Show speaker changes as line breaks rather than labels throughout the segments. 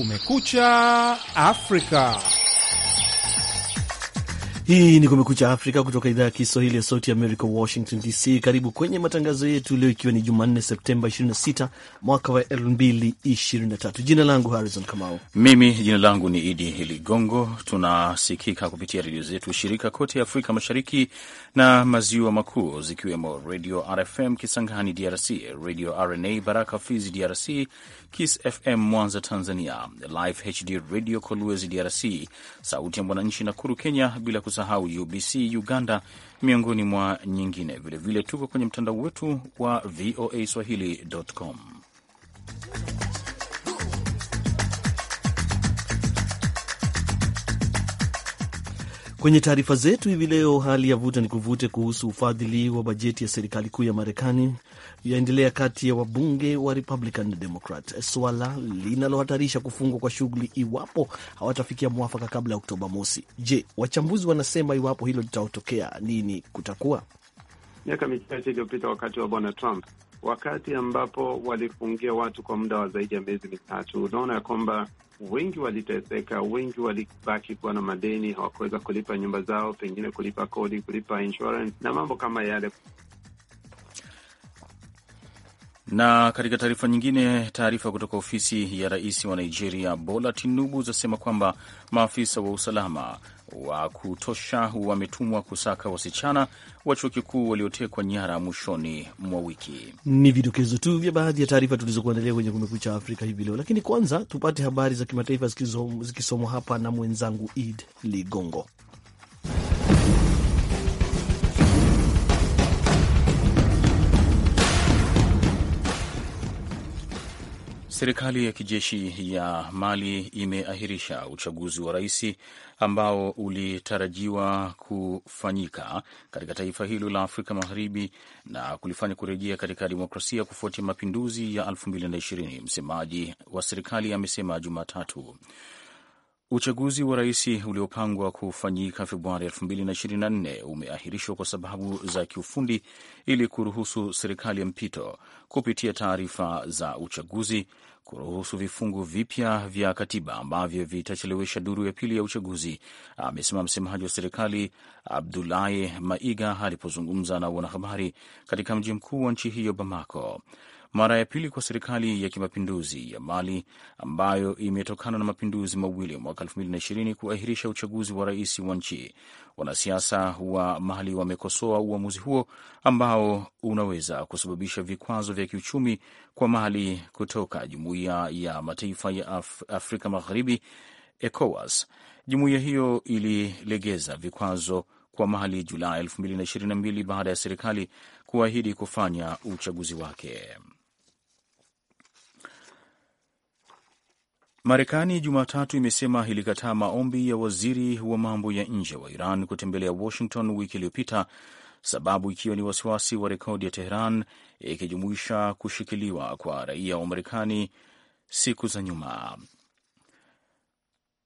Kumekucha Afrika.
Hii ni Kumekucha Afrika kutoka idhaa ya Kiswahili ya Sauti ya Amerika, Washington DC. Karibu kwenye matangazo yetu leo, ikiwa ni Jumanne Septemba 26 mwaka wa 2023. Jina langu Harrison Kamau.
Mimi jina langu ni Idi Ligongo. Tunasikika kupitia redio zetu shirika kote Afrika Mashariki na Maziwa Makuu, zikiwemo Redio RFM Kisangani DRC, Redio RNA Baraka Fizi DRC, Kiss FM Mwanza Tanzania, Live HD Radio Kolwezi DRC, Sauti ya Mwananchi Nakuru Kenya, bila kusahau UBC Uganda, miongoni mwa nyingine. Vilevile vile tuko kwenye mtandao wetu wa VOA swahili.com.
Kwenye taarifa zetu hivi leo, hali ya vuta ni kuvute kuhusu ufadhili wa bajeti ya serikali kuu ya Marekani yaendelea kati ya wabunge wa Republican na Democrat, swala linalohatarisha kufungwa kwa shughuli iwapo hawatafikia mwafaka kabla ya Oktoba mosi. Je, wachambuzi wanasema iwapo hilo litatokea, nini kutakuwa?
Miaka michache iliyopita wakati wa Bwana Trump, wakati ambapo walifungia watu kwa muda wa zaidi ya miezi mitatu, unaona ya kwamba wengi waliteseka, wengi walibaki kuwa na madeni, hawakuweza kulipa nyumba zao, pengine kulipa kodi, kulipa insurance na mambo kama yale.
Na katika taarifa nyingine, taarifa kutoka ofisi ya rais wa Nigeria Bola Tinubu zasema kwamba maafisa wa usalama wa kutosha wametumwa kusaka wasichana wa chuo kikuu waliotekwa nyara mwishoni
mwa wiki. Ni vidokezo tu vya baadhi ya taarifa tulizokuandalia kwenye Kumekucha Afrika hivi leo, lakini kwanza tupate habari za kimataifa zikisomwa hapa na mwenzangu Id Ligongo.
Serikali ya kijeshi ya Mali imeahirisha uchaguzi wa rais ambao ulitarajiwa kufanyika katika taifa hilo la Afrika Magharibi na kulifanya kurejea katika demokrasia kufuatia mapinduzi ya 2020. Msemaji wa serikali amesema Jumatatu uchaguzi wa rais uliopangwa kufanyika Februari 2024 umeahirishwa kwa sababu za kiufundi ili kuruhusu serikali ya mpito kupitia taarifa za uchaguzi kuruhusu vifungu vipya vya katiba ambavyo vitachelewesha duru ya pili ya uchaguzi, amesema msemaji wa serikali Abdulahi Maiga alipozungumza na wanahabari katika mji mkuu wa nchi hiyo Bamako mara ya pili kwa serikali ya kimapinduzi ya Mali ambayo imetokana na mapinduzi mawili mwaka 2020 kuahirisha uchaguzi wa rais wa nchi. Wanasiasa wa Mali wamekosoa uamuzi huo ambao unaweza kusababisha vikwazo vya kiuchumi kwa Mali kutoka Jumuiya ya Mataifa ya Af Afrika Magharibi, ECOWAS. Jumuiya hiyo ililegeza vikwazo kwa Mali Julai 2022 baada ya serikali kuahidi kufanya uchaguzi wake. Marekani Jumatatu imesema ilikataa maombi ya waziri wa mambo ya nje wa Iran kutembelea Washington wiki iliyopita, sababu ikiwa ni wasiwasi wa rekodi ya Teheran ikijumuisha kushikiliwa kwa raia wa Marekani siku za nyuma.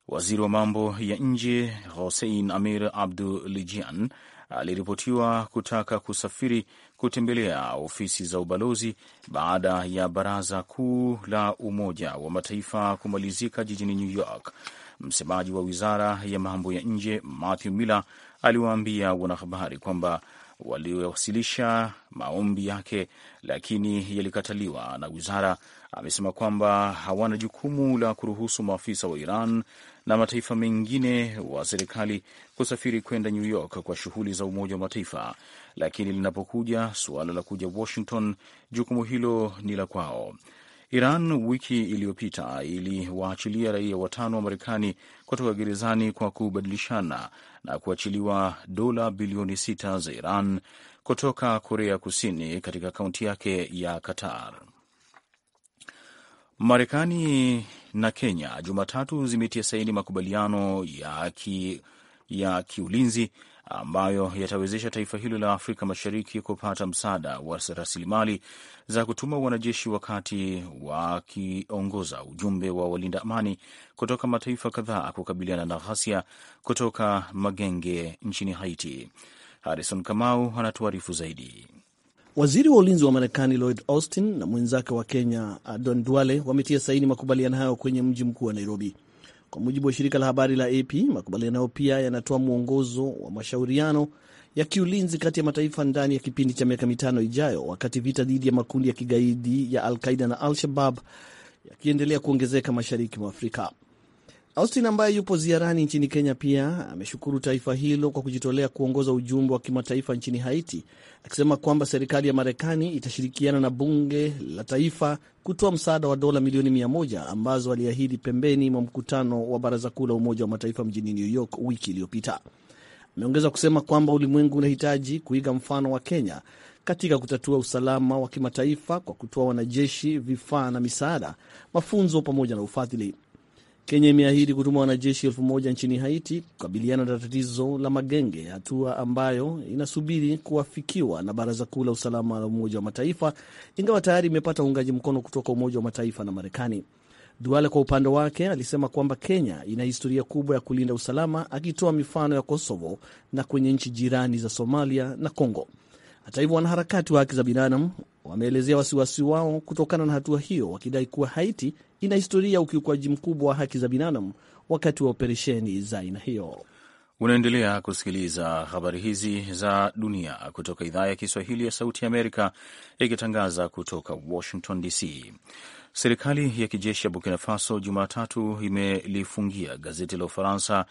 Waziri wa mambo ya nje Hossein Amir Abdulijian aliripotiwa kutaka kusafiri kutembelea ofisi za ubalozi baada ya baraza kuu la Umoja wa Mataifa kumalizika jijini New York. Msemaji wa wizara ya mambo ya nje Matthew Miller aliwaambia wanahabari kwamba waliowasilisha maombi yake lakini yalikataliwa na wizara. Amesema kwamba hawana jukumu la kuruhusu maafisa wa Iran na mataifa mengine wa serikali kusafiri kwenda New York kwa shughuli za Umoja wa Mataifa, lakini linapokuja suala la kuja Washington, jukumu hilo ni la kwao. Iran wiki iliyopita iliwaachilia raia watano wa Marekani kutoka gerezani kwa kubadilishana na kuachiliwa dola bilioni sita za Iran kutoka Korea Kusini katika kaunti yake ya Qatar. Marekani na Kenya Jumatatu zimetia saini makubaliano ya, ki, ya kiulinzi ambayo yatawezesha taifa hilo la Afrika Mashariki kupata msaada wa rasilimali za kutuma wanajeshi wakati wakiongoza ujumbe wa walinda amani kutoka mataifa kadhaa kukabiliana na ghasia kutoka magenge nchini Haiti. Harrison Kamau anatuarifu zaidi.
Waziri wa ulinzi wa Marekani Lloyd Austin na mwenzake wa Kenya Don Duale wametia saini makubaliano hayo kwenye mji mkuu wa Nairobi. Kwa mujibu wa shirika la habari la AP, makubaliano hayo pia yanatoa mwongozo wa mashauriano ya kiulinzi kati ya mataifa ndani ya kipindi cha miaka mitano ijayo, wakati vita dhidi ya makundi ya kigaidi ya Al Qaida na Al Shabab yakiendelea kuongezeka mashariki mwa Afrika. Austin ambaye yupo ziarani nchini Kenya pia ameshukuru taifa hilo kwa kujitolea kuongoza ujumbe wa kimataifa nchini Haiti, akisema kwamba serikali ya Marekani itashirikiana na bunge la taifa kutoa msaada wa dola milioni mia moja ambazo aliahidi pembeni mwa mkutano wa Baraza Kuu la Umoja wa Mataifa mjini New York wiki iliyopita. Ameongeza kusema kwamba ulimwengu unahitaji kuiga mfano wa Kenya katika kutatua usalama wa kimataifa kwa kutoa wanajeshi, vifaa na misaada, mafunzo pamoja na ufadhili. Kenya imeahidi kutuma wanajeshi elfu moja nchini Haiti kukabiliana na tatizo la magenge, hatua ambayo inasubiri kuafikiwa na Baraza Kuu la Usalama la Umoja wa Mataifa, ingawa tayari imepata uungaji mkono kutoka Umoja wa Mataifa na Marekani. Duale kwa upande wake alisema kwamba Kenya ina historia kubwa ya kulinda usalama, akitoa mifano ya Kosovo na kwenye nchi jirani za Somalia na Congo. Hata hivyo, wanaharakati wa haki za binadamu wameelezea wasiwasi wao kutokana na hatua hiyo, wakidai kuwa Haiti ina historia ya ukiukwaji mkubwa wa haki za binadamu wakati wa operesheni za aina hiyo.
Unaendelea kusikiliza habari hizi za dunia kutoka idhaa ya Kiswahili ya Sauti ya Amerika ikitangaza kutoka Washington DC. Serikali ya kijeshi ya Burkina Faso Jumatatu imelifungia gazeti la Ufaransa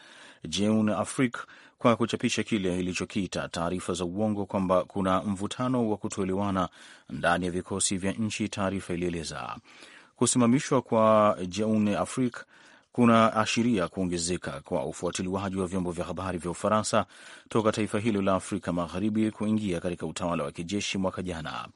Jeune Afrique kwa kuchapisha kile ilichokiita taarifa za uongo kwamba kuna mvutano wa kutoelewana ndani ya vikosi vya nchi, taarifa ilieleza. Kusimamishwa kwa Jeune Afrique kuna ashiria kuongezeka kwa ufuatiliwaji wa vyombo vya habari vya Ufaransa toka taifa hilo la Afrika Magharibi kuingia katika utawala wa kijeshi mwaka jana.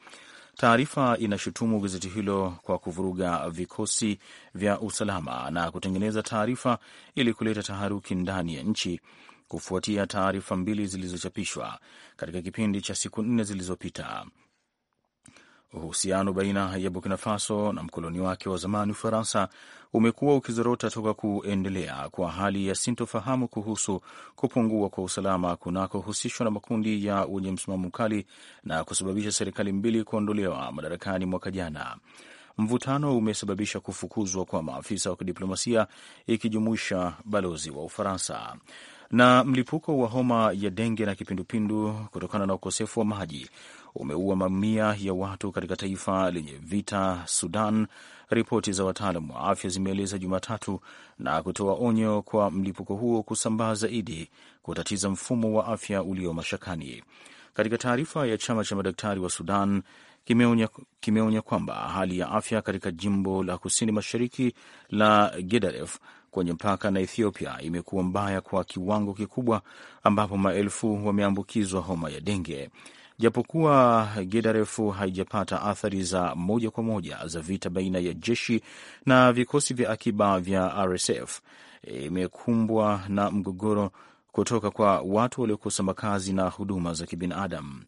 Taarifa inashutumu gazeti hilo kwa kuvuruga vikosi vya usalama na kutengeneza taarifa ili kuleta taharuki ndani ya nchi kufuatia taarifa mbili zilizochapishwa katika kipindi cha siku nne zilizopita Uhusiano baina ya Burkina Faso na mkoloni wake wa zamani Ufaransa umekuwa ukizorota toka kuendelea kwa hali ya sintofahamu kuhusu kupungua kwa usalama kunakohusishwa na makundi ya wenye msimamo mkali na kusababisha serikali mbili kuondolewa madarakani mwaka jana. Mvutano umesababisha kufukuzwa kwa maafisa wa kidiplomasia ikijumuisha balozi wa Ufaransa na mlipuko wa homa ya denge na kipindupindu kutokana na ukosefu wa maji umeua mamia ya watu katika taifa lenye vita Sudan, ripoti za wataalam wa afya zimeeleza Jumatatu, na kutoa onyo kwa mlipuko huo kusambaa zaidi, kutatiza mfumo wa afya ulio mashakani. Katika taarifa ya chama cha madaktari wa Sudan kimeonya kimeonya kwamba hali ya afya katika jimbo la kusini mashariki la Gedaref kwenye mpaka na Ethiopia imekuwa mbaya kwa kiwango kikubwa, ambapo maelfu wameambukizwa homa ya denge. Japokuwa refu haijapata athari za moja kwa moja za vita baina ya jeshi na vikosi vya akiba vya RSF, imekumbwa na mgogoro kutoka kwa watu waliokosa makazi na huduma za kibinadamu.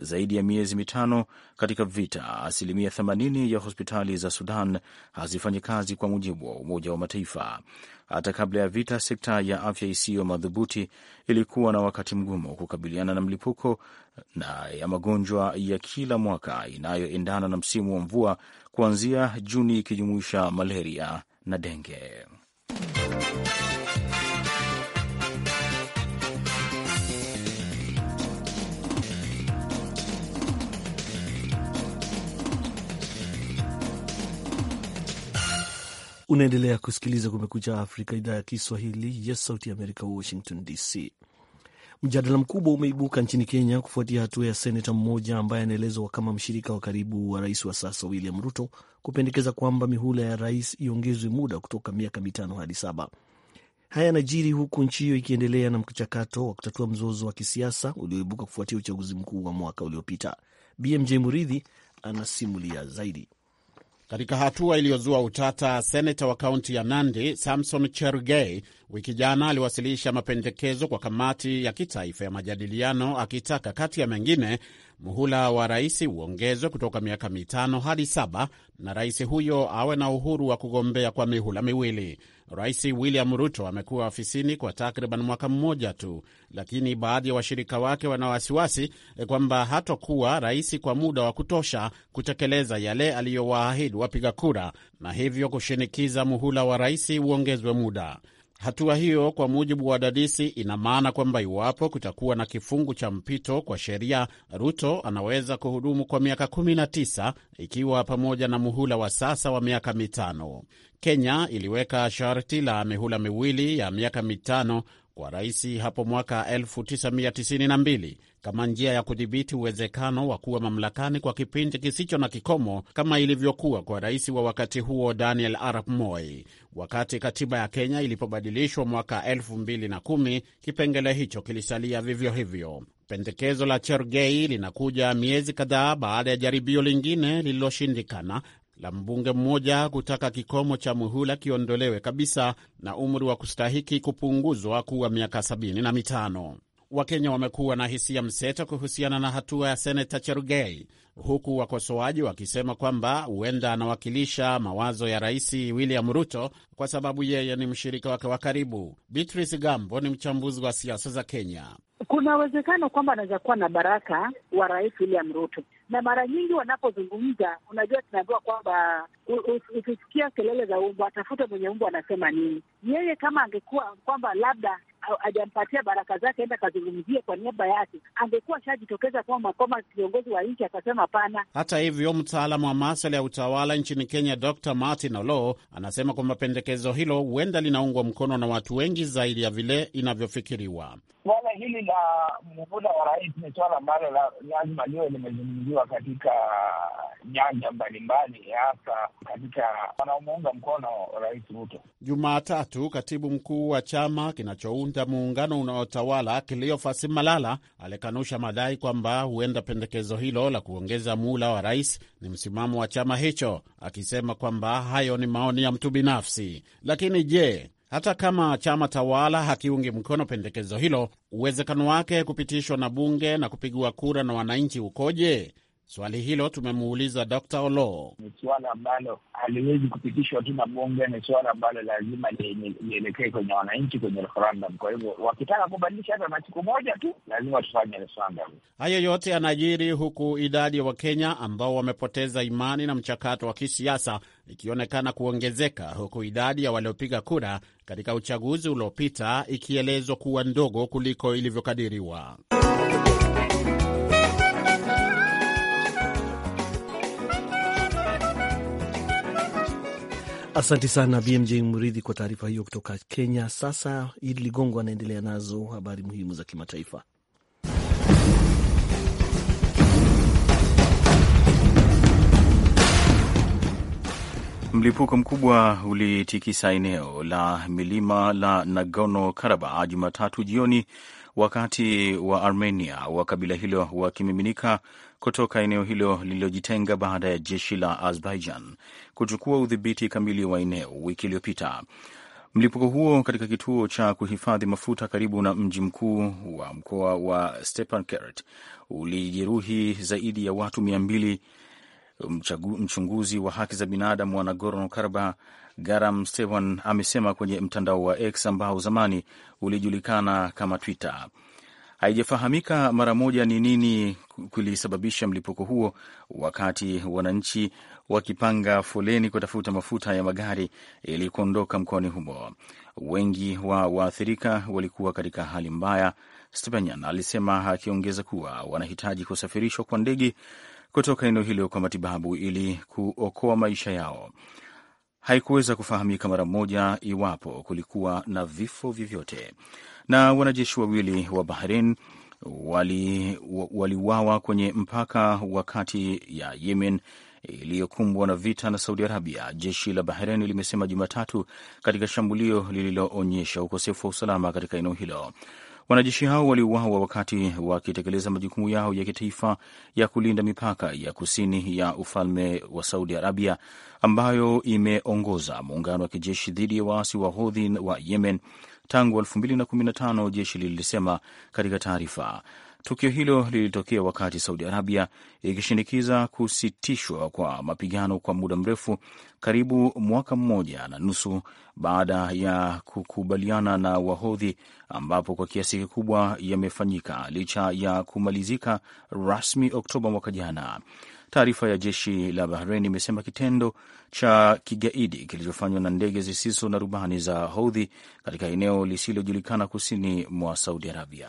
Zaidi ya miezi mitano katika vita, asilimia 80 ya hospitali za Sudan hazifanyi kazi kwa mujibu wa Umoja wa Mataifa. Hata kabla ya vita, sekta ya afya isiyo madhubuti ilikuwa na wakati mgumu kukabiliana na mlipuko na ya magonjwa ya kila mwaka inayoendana na msimu wa mvua kuanzia Juni, ikijumuisha malaria na denge.
Unaendelea kusikiliza Kumekucha Afrika, idhaa ya Kiswahili ya Sauti ya Amerika, Washington DC. Mjadala mkubwa umeibuka nchini Kenya kufuatia hatua ya seneta mmoja ambaye anaelezwa kama mshirika wa karibu wa rais wa sasa William Ruto kupendekeza kwamba mihula ya rais iongezwe muda kutoka miaka mitano hadi saba. Haya yanajiri huku nchi hiyo ikiendelea na mchakato wa kutatua mzozo wa kisiasa ulioibuka kufuatia uchaguzi mkuu wa mwaka uliopita. BMJ Muridhi
anasimulia zaidi. Katika hatua iliyozua utata, seneta wa kaunti ya Nandi Samson Cherugei Wiki jana aliwasilisha mapendekezo kwa kamati ya kitaifa ya majadiliano akitaka kati ya mengine muhula wa rais uongezwe kutoka miaka mitano hadi saba na rais huyo awe na uhuru wa kugombea kwa mihula miwili. Rais William Ruto amekuwa ofisini kwa takriban mwaka mmoja tu, lakini baadhi ya wa washirika wake wana wasiwasi kwamba hatokuwa rais kwa muda wa kutosha kutekeleza yale aliyowaahidi wapiga kura, na hivyo kushinikiza muhula wa rais uongezwe muda. Hatua hiyo kwa mujibu wa dadisi ina maana kwamba iwapo kutakuwa na kifungu cha mpito kwa sheria, Ruto anaweza kuhudumu kwa miaka 19 ikiwa pamoja na muhula wa sasa wa miaka mitano. Kenya iliweka sharti la mihula miwili ya miaka mitano kwa rais hapo mwaka 1992 kama njia ya kudhibiti uwezekano wa kuwa mamlakani kwa kipindi kisicho na kikomo kama ilivyokuwa kwa rais wa wakati huo Daniel Arap Moi. Wakati katiba ya Kenya ilipobadilishwa mwaka 2010, kipengele hicho kilisalia vivyo hivyo. Pendekezo la Chergei linakuja miezi kadhaa baada ya jaribio lingine lililoshindikana la mbunge mmoja kutaka kikomo cha muhula kiondolewe kabisa na umri wa kustahiki kupunguzwa kuwa miaka sabini na mitano. Wakenya wamekuwa na hisia mseto kuhusiana na hatua ya seneta Cherugei, huku wakosoaji wakisema kwamba huenda anawakilisha mawazo ya rais William Ruto kwa sababu yeye ni mshirika wake wa karibu. Beatrice Gambo ni mchambuzi wa siasa za Kenya.
Kuna uwezekano kwamba anaweza kuwa na baraka wa rais William Ruto, na mara nyingi
wanapozungumza, unajua tunaambiwa kwamba ukisikia kelele za umbwa, atafute mwenye umbwa anasema nini. Yeye kama angekuwa kwamba labda hajampatia baraka zake enda akazungumzie kwa niaba yake, angekuwa ashajitokeza kama Makoma kiongozi wa nchi akasema hapana.
Hata hivyo, mtaalamu wa maswala ya utawala nchini Kenya Dr Martin Olo anasema kwamba pendekezo hilo huenda linaungwa mkono na watu wengi zaidi ya vile inavyofikiriwa.
Swala hili la mvula wa rais ni swala ambalo lazima liwe limezungumziwa katika nyanja mbalimbali, hasa katika wanaomuunga mkono rais Ruto.
Jumatatu, katibu mkuu wa chama kinachounda cha muungano unaotawala Kleofas Malala alikanusha madai kwamba huenda pendekezo hilo la kuongeza muhula wa rais ni msimamo wa chama hicho, akisema kwamba hayo ni maoni ya mtu binafsi. Lakini je, hata kama chama tawala hakiungi mkono pendekezo hilo, uwezekano wake kupitishwa na bunge na kupigiwa kura na wananchi ukoje? Swali hilo tumemuuliza Dr. Olo.
Ni suala ambalo haliwezi kupitishwa tu na bunge, ni suala ambalo
lazima lielekee kwenye wananchi, kwenye referendum. Kwa hivyo wakitaka kubadilisha hata na siku
moja tu, lazima tufanye referendum.
Hayo yote yanajiri huku idadi ya Wakenya ambao wamepoteza imani na mchakato wa kisiasa ikionekana kuongezeka, huku idadi ya waliopiga kura katika uchaguzi uliopita ikielezwa kuwa ndogo kuliko ilivyokadiriwa.
Asante sana BMJ Mridhi kwa taarifa hiyo kutoka Kenya. Sasa Idi Ligongo anaendelea nazo habari muhimu za kimataifa.
Mlipuko mkubwa ulitikisa eneo la milima la Nagorno Karabakh Jumatatu jioni wakati wa Armenia wa kabila hilo wakimiminika kutoka eneo hilo lililojitenga baada ya jeshi la Azerbaijan kuchukua udhibiti kamili wa eneo wiki iliyopita. Mlipuko huo katika kituo cha kuhifadhi mafuta karibu na mji mkuu wa mkoa wa Stepanakert ulijeruhi zaidi ya watu mia mbili Mchagu, mchunguzi wa haki za binadamu wa Nagorno Karba Garam Stevan amesema kwenye mtandao wa X ambao zamani ulijulikana kama Twitter. Haijafahamika mara moja ni nini kulisababisha mlipuko huo, wakati wananchi wakipanga foleni kutafuta mafuta ya magari ili kuondoka mkoani humo. Wengi wa waathirika walikuwa katika hali mbaya, Stepanyan alisema, akiongeza kuwa wanahitaji kusafirishwa kwa ndege kutoka eneo hilo kwa matibabu ili kuokoa maisha yao. Haikuweza kufahamika mara moja iwapo kulikuwa na vifo vyovyote. Na wanajeshi wawili wa Bahrain waliuawa wali kwenye mpaka wa kati ya Yemen iliyokumbwa na vita na Saudi Arabia, jeshi la Bahrain limesema Jumatatu, katika shambulio lililoonyesha ukosefu wa usalama katika eneo hilo. Wanajeshi hao waliuawa wakati wakitekeleza majukumu yao ya kitaifa ya kulinda mipaka ya kusini ya ufalme wa Saudi Arabia, ambayo imeongoza muungano wa kijeshi dhidi ya waasi wa Hodhi wa Yemen tangu 2015 jeshi lilisema katika taarifa. Tukio hilo lilitokea wakati Saudi Arabia ikishinikiza kusitishwa kwa mapigano kwa muda mrefu, karibu mwaka mmoja na nusu baada ya kukubaliana na Wahodhi, ambapo kwa kiasi kikubwa yamefanyika licha ya kumalizika rasmi Oktoba mwaka jana. Taarifa ya jeshi la Bahrain imesema kitendo cha kigaidi kilichofanywa na ndege zisizo na rubani za Houthi katika eneo lisilojulikana kusini mwa Saudi Arabia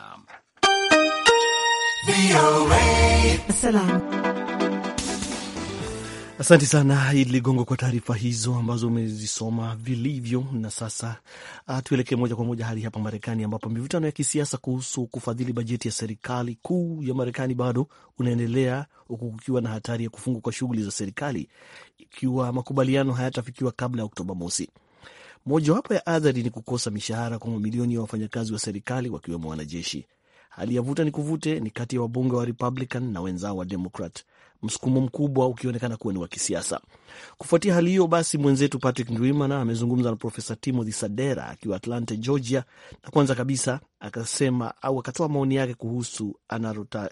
Asante sana Idi Ligongo kwa taarifa hizo ambazo umezisoma vilivyo. Na sasa ah, tuelekee moja kwa moja hadi hapa Marekani, ambapo mivutano ya kisiasa kuhusu kufadhili bajeti ya serikali kuu ya Marekani bado unaendelea huku kukiwa na hatari ya kufungwa kwa shughuli za serikali ikiwa makubaliano hayatafikiwa kabla ya Oktoba mosi. Mojawapo ya adhari ni kukosa mishahara kwa mamilioni ya wafanyakazi wa serikali wakiwemo wanajeshi. Hali ya vuta ni kuvute ni kati ya wabunge wa Republican na wenzao wa Democrat, msukumo mkubwa ukionekana kuwa ni wa kisiasa. Kufuatia hali hiyo basi, mwenzetu Patrick Ndwimana amezungumza na Profesa Timothy Sadera akiwa Atlanta, Georgia, na kwanza kabisa akasema au akatoa maoni yake kuhusu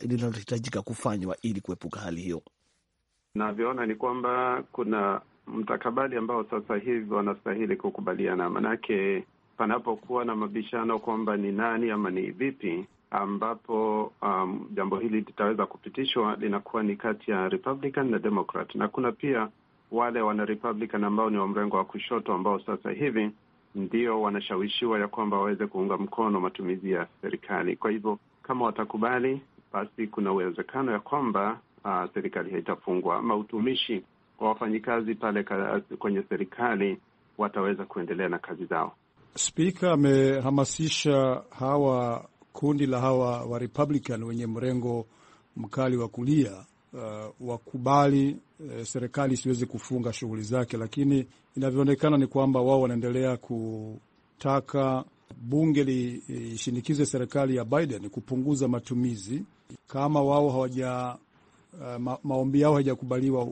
linalohitajika kufanywa ili kuepuka hali hiyo.
Navyoona ni kwamba kuna mtakabali ambao sasa hivi wanastahili kukubaliana, manake panapokuwa na mabishano kwamba ni nani ama ni vipi, ambapo um, jambo hili litaweza kupitishwa linakuwa ni kati ya Republican na Democrat, na kuna pia wale wana Republican ambao ni wa mrengo wa kushoto ambao sasa hivi ndio wanashawishiwa ya kwamba waweze kuunga mkono matumizi ya serikali. Kwa hivyo kama watakubali, basi kuna uwezekano ya kwamba uh, serikali haitafungwa ama utumishi wa wafanyikazi pale kwenye serikali wataweza kuendelea na kazi zao.
Spika amehamasisha hawa kundi la hawa wa Republican wenye mrengo mkali wa kulia uh, wakubali uh, serikali isiwezi kufunga shughuli zake, lakini inavyoonekana ni kwamba wao wanaendelea kutaka bunge lishinikize serikali ya Biden kupunguza matumizi. Kama wao hawaja uh, ma, maombi yao hajakubaliwa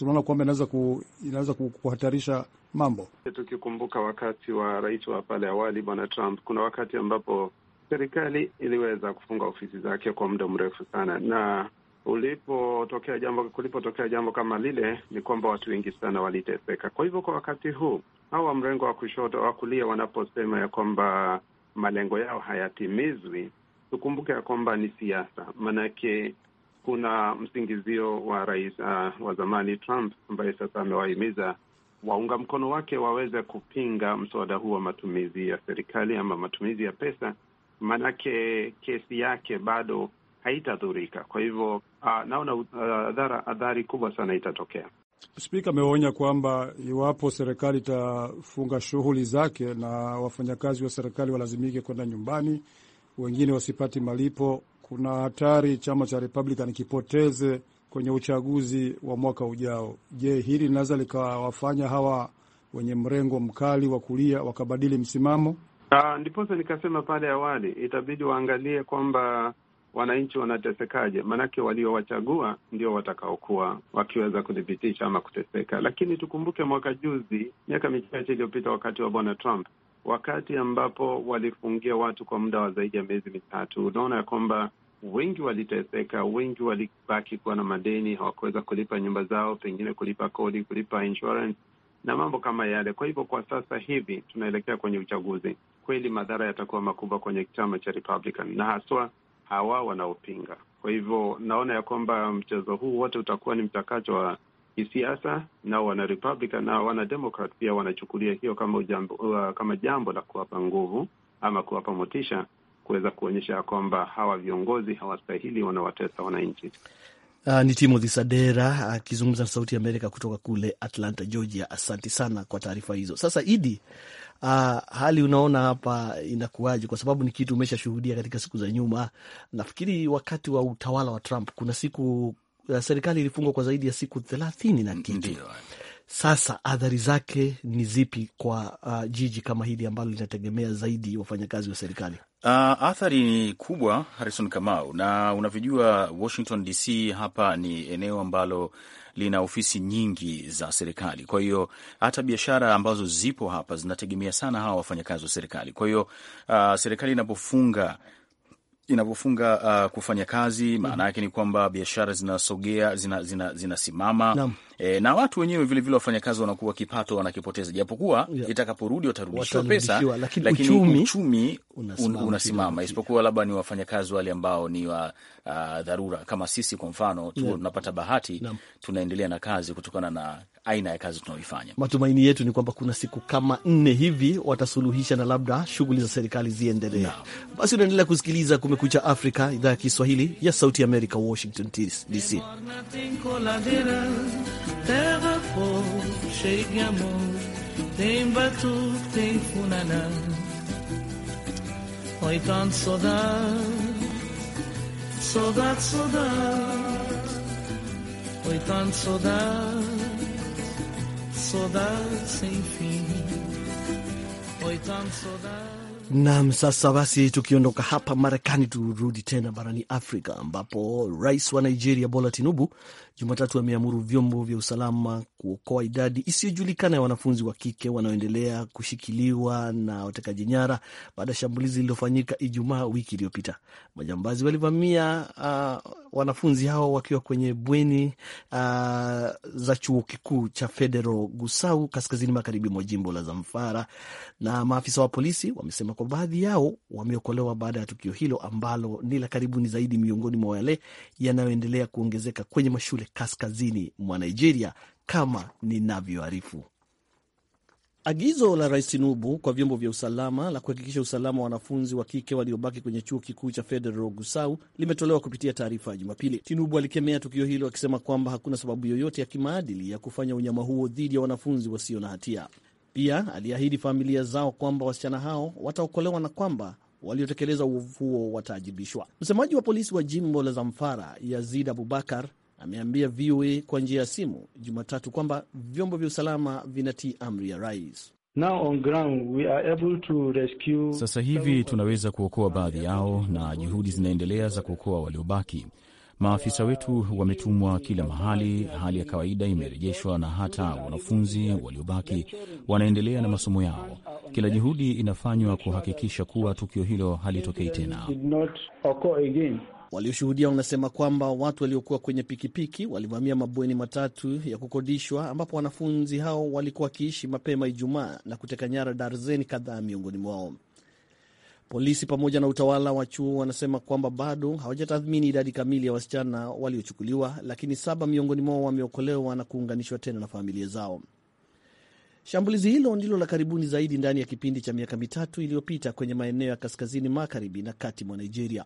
unaona kwamba inaweza ku, inaweza kuhatarisha mambo.
Tukikumbuka wakati wa rais wa pale awali Bwana Trump, kuna wakati ambapo serikali iliweza kufunga ofisi zake kwa muda mrefu sana, na ulipotokea jambo kulipotokea jambo kama lile, ni kwamba watu wengi sana waliteseka. Kwa hivyo, kwa wakati huu hao wa mrengo wa kushoto wa kulia wanaposema ya kwamba malengo yao hayatimizwi, tukumbuke ya kwamba ni siasa, maanake kuna msingizio wa rais uh, wa zamani Trump ambaye sasa amewahimiza waunga mkono wake waweze kupinga mswada huu wa matumizi ya serikali ama matumizi ya pesa maanake kesi yake bado haitadhurika. Kwa hivyo uh, naona uh, adhari kubwa sana itatokea.
Spika ameonya kwamba iwapo serikali itafunga shughuli zake na wafanyakazi wa serikali walazimike kwenda nyumbani, wengine wasipati malipo, kuna hatari chama cha Republican kipoteze kwenye uchaguzi wa mwaka ujao. Je, hili linaweza likawafanya hawa wenye mrengo mkali wa kulia wakabadili msimamo?
Uh, ndiposa nikasema pale awali itabidi waangalie kwamba wananchi wanatesekaje, maanake waliowachagua ndio watakaokuwa wakiweza kuthibitisha ama kuteseka. Lakini tukumbuke mwaka juzi, miaka michache iliyopita, wakati wa bwana Trump, wakati ambapo walifungia watu kwa muda wa zaidi ya miezi mitatu, unaona ya kwamba wengi waliteseka, wengi walibaki kuwa na madeni, hawakuweza kulipa nyumba zao, pengine kulipa kodi, kulipa insurance na mambo kama yale. Kwa hivyo kwa sasa hivi tunaelekea kwenye uchaguzi, kweli madhara yatakuwa makubwa kwenye chama cha Republican na haswa hawa wanaopinga. Kwa hivyo naona ya kwamba mchezo huu wote utakuwa ni mchakato wa kisiasa, nao wana Republican na wana Democrat pia wanachukulia hiyo kama ujambo, uh, kama jambo la kuwapa nguvu ama kuwapa motisha kuweza kuonyesha ya kwamba hawa viongozi hawastahili, wanawatesa wananchi.
Uh, ni Timothy Sadera akizungumza uh, na Sauti ya Amerika kutoka kule Atlanta, Georgia. Asanti sana kwa taarifa hizo. Sasa Idi, uh, hali unaona hapa inakuwaje? Kwa sababu ni kitu umeshashuhudia katika siku za nyuma. Nafikiri wakati wa utawala wa Trump kuna siku uh, serikali ilifungwa kwa zaidi ya siku thelathini na kitu. Ndiyo. Sasa athari zake ni zipi kwa uh, jiji kama hili ambalo linategemea zaidi wafanyakazi wa serikali?
Uh, athari ni kubwa, Harrison Kamau, na unavyojua Washington DC hapa ni eneo ambalo lina ofisi nyingi za serikali. Kwa hiyo hata biashara ambazo zipo hapa zinategemea sana hawa wafanyakazi wa serikali. Kwa hiyo uh, serikali inapofunga inavyofunga uh, kufanya kazi mhm. maana yake ni kwamba biashara zinasogea zinasimama zina, zina e, na watu wenyewe vilevile wafanyakazi wanakuwa kipato wanakipoteza, japokuwa yeah. itakaporudi watarudishwa pesa, lakini uchumi, uchumi unasimama, unasimama isipokuwa labda ni wafanyakazi wale ambao ni wa uh, dharura kama sisi kwa mfano tu yeah. tunapata bahati Nam. tunaendelea na kazi kutokana na aina ya kazi tunaoifanya.
Matumaini yetu ni kwamba kuna siku kama nne hivi watasuluhisha na labda shughuli za serikali ziendelee. Basi unaendelea kusikiliza kume Kumekucha Afrika, idhaa ya Kiswahili ya Sauti Amerika, Washington DC. saudade, sem fim. Foi tanto saudade. Nam, sasa basi, tukiondoka hapa Marekani turudi tena barani Afrika ambapo rais wa Nigeria Bola Tinubu Jumatatu ameamuru vyombo vya usalama kuokoa idadi isiyojulikana ya wanafunzi wa kike wanaoendelea kushikiliwa na watekaji nyara baada ya shambulizi lililofanyika Ijumaa wiki iliyopita. Majambazi walivamia uh, wanafunzi hao wakiwa kwenye bweni uh, za chuo kikuu cha Federal Gusau kaskazini magharibi mwa jimbo la Zamfara, na maafisa wa polisi wamesema kwa baadhi yao wameokolewa baada ya tukio hilo ambalo ni la karibuni zaidi miongoni mwa yale yanayoendelea kuongezeka kwenye mashule kaskazini mwa Nigeria, kama ninavyoarifu. Agizo la Rais Tinubu kwa vyombo vya usalama la kuhakikisha usalama wa wanafunzi wa kike waliobaki kwenye chuo kikuu cha Federal Gusau limetolewa kupitia taarifa ya Jumapili. Tinubu alikemea tukio hilo akisema kwamba hakuna sababu yoyote ya kimaadili ya kufanya unyama huo dhidi ya wanafunzi wasio na hatia. Pia aliahidi familia zao kwamba wasichana hao wataokolewa na kwamba waliotekeleza uovu huo wataajibishwa. Msemaji wa polisi wa jimbo la Zamfara, Yazid Abubakar, ameambia VOA kwa njia ya simu Jumatatu kwamba vyombo vya usalama vinatii amri ya rais. Now on ground,
we are able to rescue... Sasa hivi tunaweza kuokoa baadhi yao na juhudi zinaendelea za kuokoa waliobaki. Maafisa wetu wametumwa kila mahali, hali ya kawaida imerejeshwa na hata wanafunzi waliobaki wanaendelea na masomo yao. Kila juhudi inafanywa kuhakikisha kuwa tukio hilo halitokei tena.
Walioshuhudia wanasema kwamba watu waliokuwa kwenye pikipiki walivamia mabweni matatu ya kukodishwa ambapo wanafunzi hao walikuwa wakiishi mapema Ijumaa na kuteka nyara darzeni kadhaa miongoni mwao. Polisi pamoja na utawala wa chuo wanasema kwamba bado hawajatathmini idadi kamili ya wasichana waliochukuliwa, lakini saba miongoni mwao wameokolewa na kuunganishwa tena na familia zao. Shambulizi hilo ndilo la karibuni zaidi ndani ya kipindi cha miaka mitatu iliyopita kwenye maeneo ya kaskazini magharibi na kati mwa Nigeria.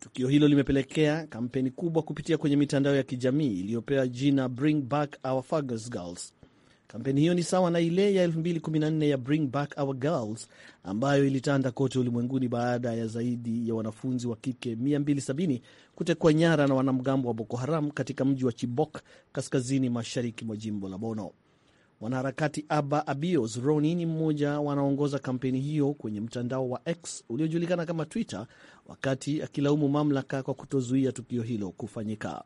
Tukio hilo limepelekea kampeni kubwa kupitia kwenye mitandao ya kijamii iliyopewa jina Bring Back Our Fergus Girls. Kampeni hiyo ni sawa na ile ya 2014 ya Bring Back Our Girls ambayo ilitanda kote ulimwenguni baada ya zaidi ya wanafunzi wa kike 270 kutekwa nyara na wanamgambo wa Boko Haram katika mji wa Chibok kaskazini mashariki mwa jimbo la Bono. Mwanaharakati Abba Abios Roni ni mmoja wanaongoza kampeni hiyo kwenye mtandao wa X uliojulikana kama Twitter, wakati akilaumu mamlaka kwa kutozuia tukio hilo kufanyika.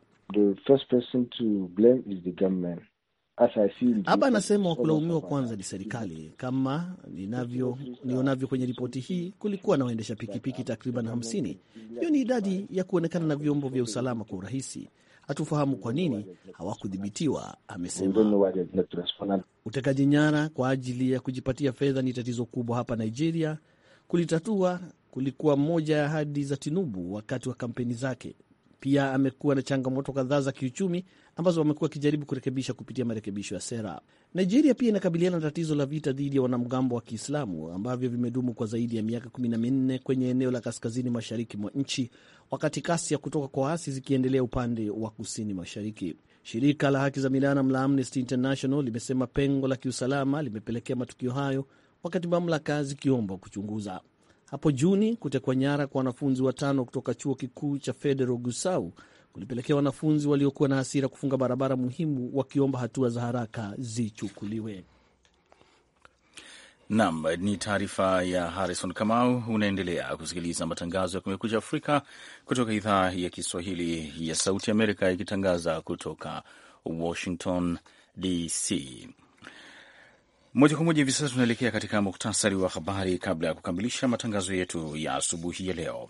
Aba anasema wa kulaumiwa kwanza ni serikali. Kama ninavyo nionavyo kwenye ripoti hii, kulikuwa na waendesha pikipiki takriban 50 Hiyo ni idadi ya kuonekana na vyombo vya usalama kwa urahisi hatufahamu kwa nini hawakudhibitiwa, amesema. Utekaji nyara kwa ajili ya kujipatia fedha ni tatizo kubwa hapa Nigeria. Kulitatua kulikuwa moja ya ahadi za Tinubu wakati wa kampeni zake, pia amekuwa na changamoto kadhaa za kiuchumi ambazo wamekuwa wakijaribu kurekebisha kupitia marekebisho ya sera. Nigeria pia inakabiliana na tatizo la vita dhidi ya wanamgambo wa Kiislamu ambavyo vimedumu kwa zaidi ya miaka kumi na minne kwenye eneo la kaskazini mashariki mwa nchi, wakati kasi ya kutoka kwa waasi zikiendelea upande wa kusini mashariki. Shirika la haki za binadamu la Amnesty International limesema pengo la kiusalama limepelekea matukio hayo, wakati mamlaka zikiomba kuchunguza hapo Juni, kutekwa nyara kwa wanafunzi watano kutoka chuo kikuu cha Federal Gusau kulipelekea wanafunzi waliokuwa na hasira kufunga barabara muhimu wakiomba hatua za haraka zichukuliwe.
Nam ni taarifa ya Harrison Kamau. Unaendelea kusikiliza matangazo ya Kumekucha Afrika kutoka idhaa ya Kiswahili ya Sauti Amerika, ikitangaza kutoka Washington DC. Moja kwa moja hivi sasa tunaelekea katika muktasari wa habari kabla ya kukamilisha matangazo yetu ya asubuhi ya leo.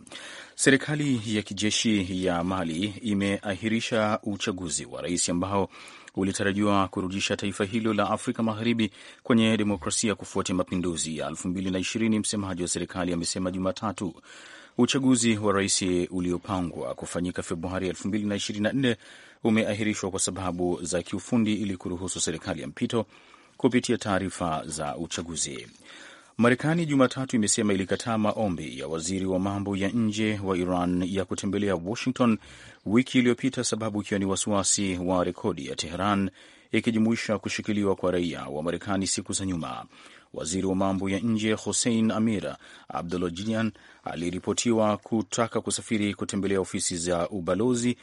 Serikali ya kijeshi ya Mali imeahirisha uchaguzi wa rais ambao ulitarajiwa kurudisha taifa hilo la Afrika Magharibi kwenye demokrasia kufuatia mapinduzi ya 2020. Msemaji wa serikali amesema Jumatatu uchaguzi wa rais uliopangwa kufanyika Februari 2024 umeahirishwa kwa sababu za kiufundi ili kuruhusu serikali ya mpito kupitia taarifa za uchaguzi. Marekani Jumatatu imesema ilikataa maombi ya waziri wa mambo ya nje wa Iran ya kutembelea Washington wiki iliyopita, sababu ikiwa ni wasiwasi wa rekodi ya Teheran ikijumuisha kushikiliwa kwa raia wa Marekani siku za nyuma. Waziri wa mambo ya nje Hussein Amir Abdollahian aliripotiwa kutaka kusafiri kutembelea ofisi za ubalozi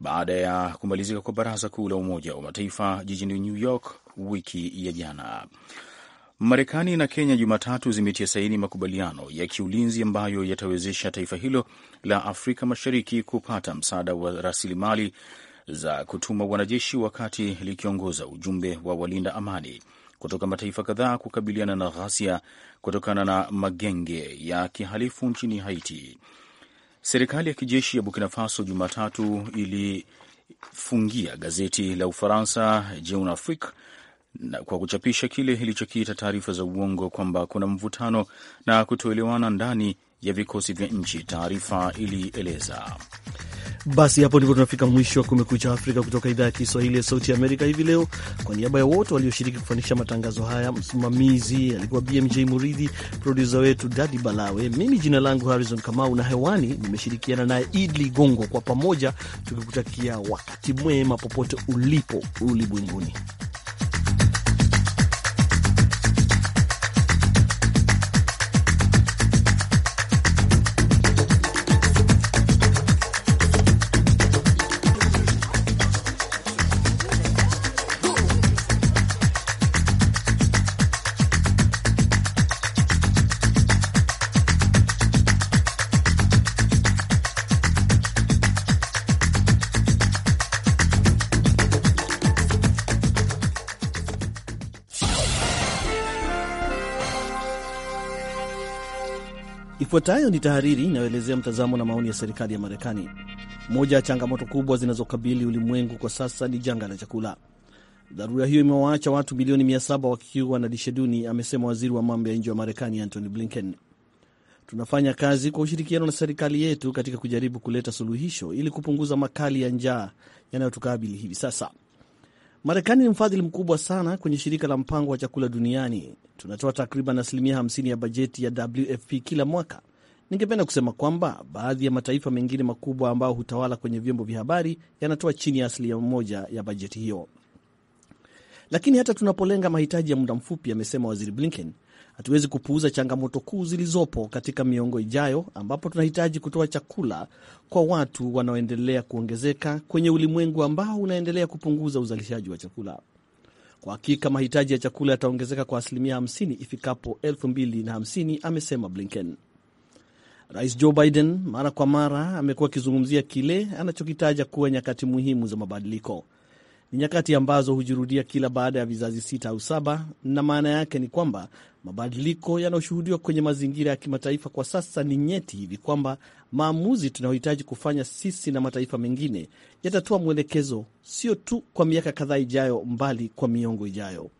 baada ya kumalizika kwa Baraza Kuu la Umoja wa Mataifa jijini New York wiki ya jana. Marekani na Kenya Jumatatu zimetia saini makubaliano ya kiulinzi ambayo yatawezesha taifa hilo la Afrika Mashariki kupata msaada wa rasilimali za kutuma wanajeshi wakati likiongoza ujumbe wa walinda amani kutoka mataifa kadhaa kukabiliana na ghasia kutokana na magenge ya kihalifu nchini Haiti. Serikali ya kijeshi ya Burkina Faso Jumatatu ilifungia gazeti la Ufaransa Jeune Afrique kwa kuchapisha kile ilichokiita taarifa za uongo kwamba kuna mvutano na kutoelewana ndani ya vikosi vya nchi, taarifa ilieleza.
Basi hapo ndipo tunafika mwisho wa Kumekucha Afrika kutoka idhaa ya Kiswahili ya Sauti ya Amerika hivi leo. Kwa niaba ya wote walioshiriki kufanikisha matangazo haya, msimamizi alikuwa BMJ Muridhi, produsa wetu Dadi Balawe, mimi jina langu Harrison Kamau na hewani nimeshirikiana naye Id Ligongo, kwa pamoja tukikutakia wakati mwema popote ulipo ulimwenguni. Ifuatayo ni tahariri inayoelezea mtazamo na maoni ya serikali ya Marekani. Moja ya changamoto kubwa zinazokabili ulimwengu kwa sasa ni janga la chakula. Dharura hiyo imewaacha watu milioni 700 wakiwa na lishe duni, amesema waziri wa mambo ya nje wa Marekani Antony Blinken. Tunafanya kazi kwa ushirikiano na serikali yetu katika kujaribu kuleta suluhisho ili kupunguza makali ya njaa yanayotukabili hivi sasa. Marekani ni mfadhili mkubwa sana kwenye shirika la mpango wa chakula duniani. Tunatoa takriban asilimia 50 ya bajeti ya WFP kila mwaka. Ningependa kusema kwamba baadhi ya mataifa mengine makubwa ambayo hutawala kwenye vyombo vya habari yanatoa chini ya asilimia moja ya bajeti hiyo, lakini hata tunapolenga mahitaji ya muda mfupi, amesema Waziri Blinken, Hatuwezi kupuuza changamoto kuu zilizopo katika miongo ijayo, ambapo tunahitaji kutoa chakula kwa watu wanaoendelea kuongezeka kwenye ulimwengu ambao unaendelea kupunguza uzalishaji wa chakula. Kwa hakika mahitaji ya chakula yataongezeka kwa asilimia 50 ifikapo 2050, amesema Blinken. Rais Joe Biden mara kwa mara amekuwa akizungumzia kile anachokitaja kuwa nyakati muhimu za mabadiliko. Ni nyakati ambazo hujirudia kila baada ya vizazi sita au saba, na maana yake ni kwamba mabadiliko yanayoshuhudiwa kwenye mazingira ya kimataifa kwa sasa ni nyeti hivi kwamba maamuzi tunayohitaji kufanya sisi na mataifa mengine yatatoa mwelekezo sio tu kwa miaka kadhaa ijayo, mbali kwa miongo ijayo.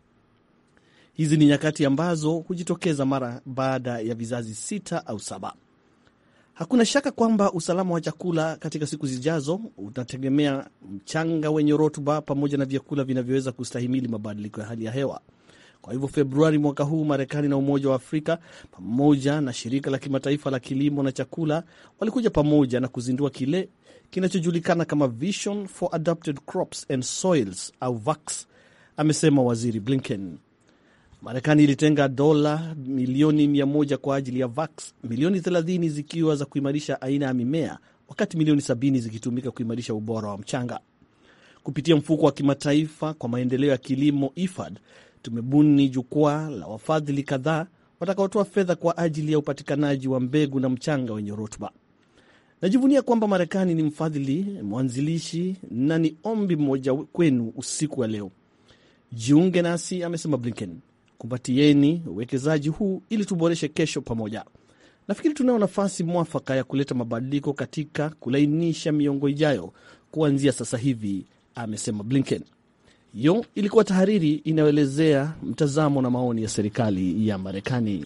Hizi ni nyakati ambazo hujitokeza mara baada ya vizazi sita au saba. Hakuna shaka kwamba usalama wa chakula katika siku zijazo utategemea mchanga wenye rutuba pamoja na vyakula vinavyoweza kustahimili mabadiliko ya hali ya hewa. Kwa hivyo Februari mwaka huu Marekani na Umoja wa Afrika pamoja na shirika la kimataifa la kilimo na chakula walikuja pamoja na kuzindua kile kinachojulikana kama Vision for Adapted Crops and Soils au VACS, amesema Waziri Blinken. Marekani ilitenga dola milioni mia moja kwa ajili ya vax, milioni 30 zikiwa za kuimarisha aina ya mimea, wakati milioni 70 zikitumika kuimarisha ubora wa mchanga. Kupitia mfuko wa kimataifa kwa maendeleo ya kilimo IFAD, tumebuni jukwaa la wafadhili kadhaa watakaotoa fedha kwa ajili ya upatikanaji wa mbegu na mchanga wenye rutuba. Najivunia kwamba Marekani ni mfadhili mwanzilishi, na ni ombi mmoja kwenu usiku wa leo, jiunge nasi, amesema Blinken kumbatieni uwekezaji huu ili tuboreshe kesho pamoja. Nafikiri tunayo nafasi mwafaka ya kuleta mabadiliko katika kulainisha miongo ijayo kuanzia sasa hivi, amesema Blinken. Hiyo ilikuwa tahariri inayoelezea mtazamo na maoni ya serikali ya Marekani.